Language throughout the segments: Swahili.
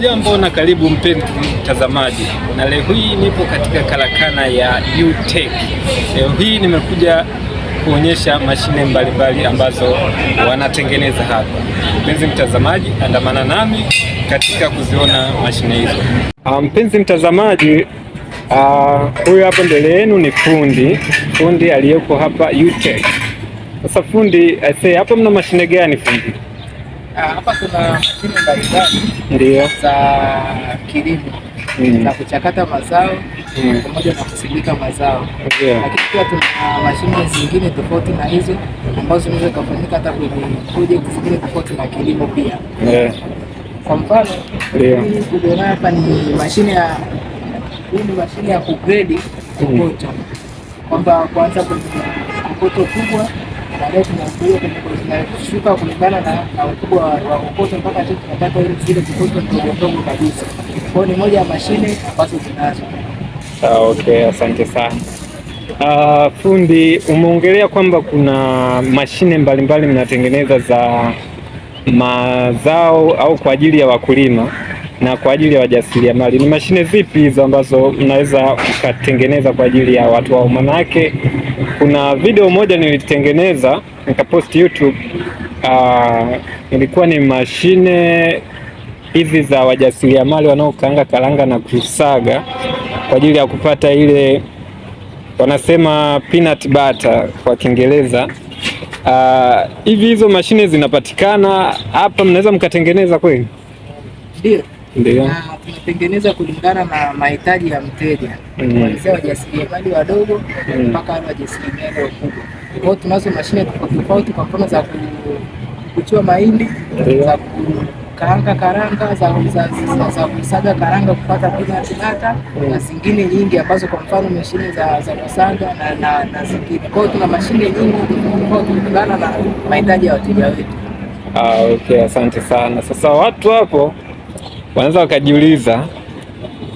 Jambo na karibu mpenzi mtazamaji, na leo hii nipo katika karakana ya UTech. Leo hii nimekuja kuonyesha mashine mbalimbali ambazo wanatengeneza hapa. Mpenzi mtazamaji, andamana nami katika kuziona mashine hizo. Ah, mpenzi mtazamaji, ah, huyu hapo mbele yenu ni fundi, fundi aliyoko hapa UTech. Sasa fundi, aisee, hapa mna mashine gani fundi? Ah, hapa kuna mashine mbalimbali ndio za kilimo mm. na kuchakata mazao hmm. pamoja mm. na kusindika mazao yeah. Lakini pia tuna mashine zingine tofauti na hizo ambazo zinaweza kufanyika hata kwenye project zingine tofauti na kilimo pia yeah. Kwa mfano hii uliona hapa ni mashine ya hii ni mashine ya kugredi kokoto mm. kwamba kwanza kwenye kokoto kubwa kulingana na ukubwa wa kokoto mpaka tu tunataka ile zile kokoto ndogo ndogo kabisa. Kwa hiyo ni moja ya mashine ambazo tunazo. Ah, okay, asante sana. Uh, fundi, umeongelea kwamba kuna mashine mbalimbali mnatengeneza za mazao au kwa ajili ya wakulima na kwa ajili ya wajasiriamali. Ni mashine zipi hizo ambazo mnaweza mkatengeneza kwa ajili ya watu wao? Manake kuna video moja nilitengeneza nikapost YouTube. Uh, ilikuwa ni mashine hizi za wajasiriamali wanaokaanga karanga na kusaga kwa ajili ya kupata ile wanasema peanut butter kwa Kiingereza. Uh, hivi hizo mashine zinapatikana hapa, mnaweza mkatengeneza kweli? Ndio. Ndiyo. na tunatengeneza kulingana na mahitaji ya mteja kuanzia mm. wajasiriamali wadogo mm. mpaka mm. wale wajasiriamali wakubwa. Kwa hiyo tunazo mashine tofauti tofauti, kwa mfano za kuchua mahindi, za kukaanga karanga, za za kusaga karanga kupata peanut butter mm. na zingine nyingi ambazo kwa mfano mashine za za kusaga na, na, na zingine. Kwa hiyo tuna mashine nyingi kulingana na mahitaji ya wateja wetu. Ah, okay, asante sana. Sasa watu hapo wanaweza wakajiuliza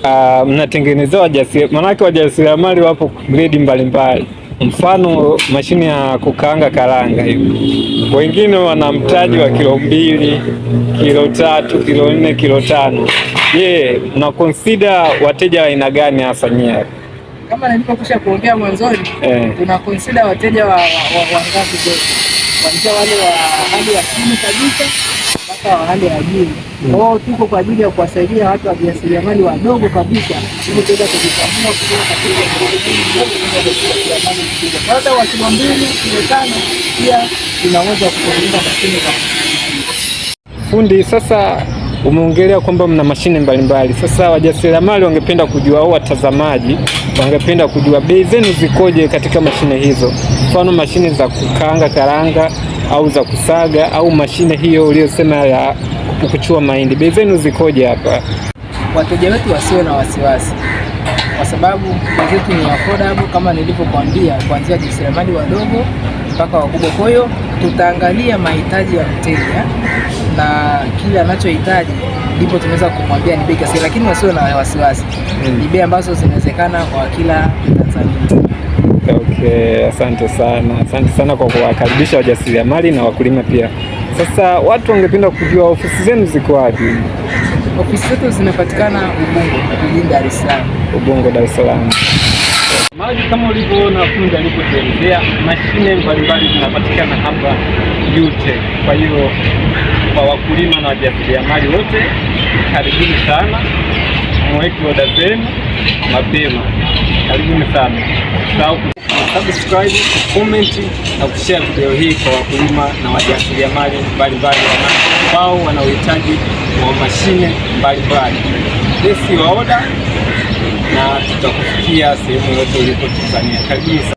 uh, mnatengenezewa wajasiriamali, maanake wajasiriamali wapo gredi mbalimbali mfano mashine ya kukaanga karanga hiyo, wengine wana mtaji wa kilo mbili, kilo tatu, kilo nne, kilo tano. Je, mna consider wateja wa aina gani hasa nyewe? Kama nilivyokwisha kuongea mwanzoni, eh, consider wateja wa, wa, wa, wa ngazi kuanzia wale wa hali ya chini kabisa mpaka wa hali ya juu. Kwa hiyo tuko kwa ajili ya kuwasaidia watu wa jasiriamali wadogo kabisa ili kuweza kujikwamua kutoka katika sasa wa kilo mbili kilo tano pia tunaweza kutengeneza mashine za fundi. Sasa umeongelea kwamba mna mashine mbalimbali. Sasa wajasiriamali wangependa kujua au watazamaji wangependa kujua bei zenu zikoje katika mashine hizo? mfano mashine za kukaanga karanga au za kusaga au mashine hiyo uliyosema ya kuchua mahindi, bei zenu zikoje hapa? Wateja wetu wasiwe na wasiwasi, kwa sababu bei zetu ni affordable kama nilivyokuambia, kuanzia jasiriamali wadogo mpaka wakubwa. Kwa hiyo tutaangalia mahitaji ya mteja na kile anachohitaji ndipo tunaweza kumwambia ni bei kiasi, lakini wasiwe na wasiwasi. Hmm. Ni bei ambazo zinawezekana kwa kila Tanzania. Okay, asante sana, asante sana kwa kuwakaribisha wajasiriamali na wakulima pia. Sasa watu wangependa kujua ofisi zenu ziko wapi? Ofisi zetu zinapatikana Ubungo, jijini Dar es Salaam. Ubungo, Dar es Salaam. Maji kama ulivyoona fundi alipotuelezea, mashine mbalimbali zinapatikana hapa yote. Kwa hiyo kwa wakulima na wajasiriamali wote, karibuni sana mweki wa zenu mapema. Karibuni sana, usisahau kusubscribe, comment na kushare video hii kwa wakulima na wajasiriamali mbalimbali ambao wana uhitaji wa mashine mbalimbali. Place your order na tutakufikia sehemu yote ulipo Tanzania. Karibuni.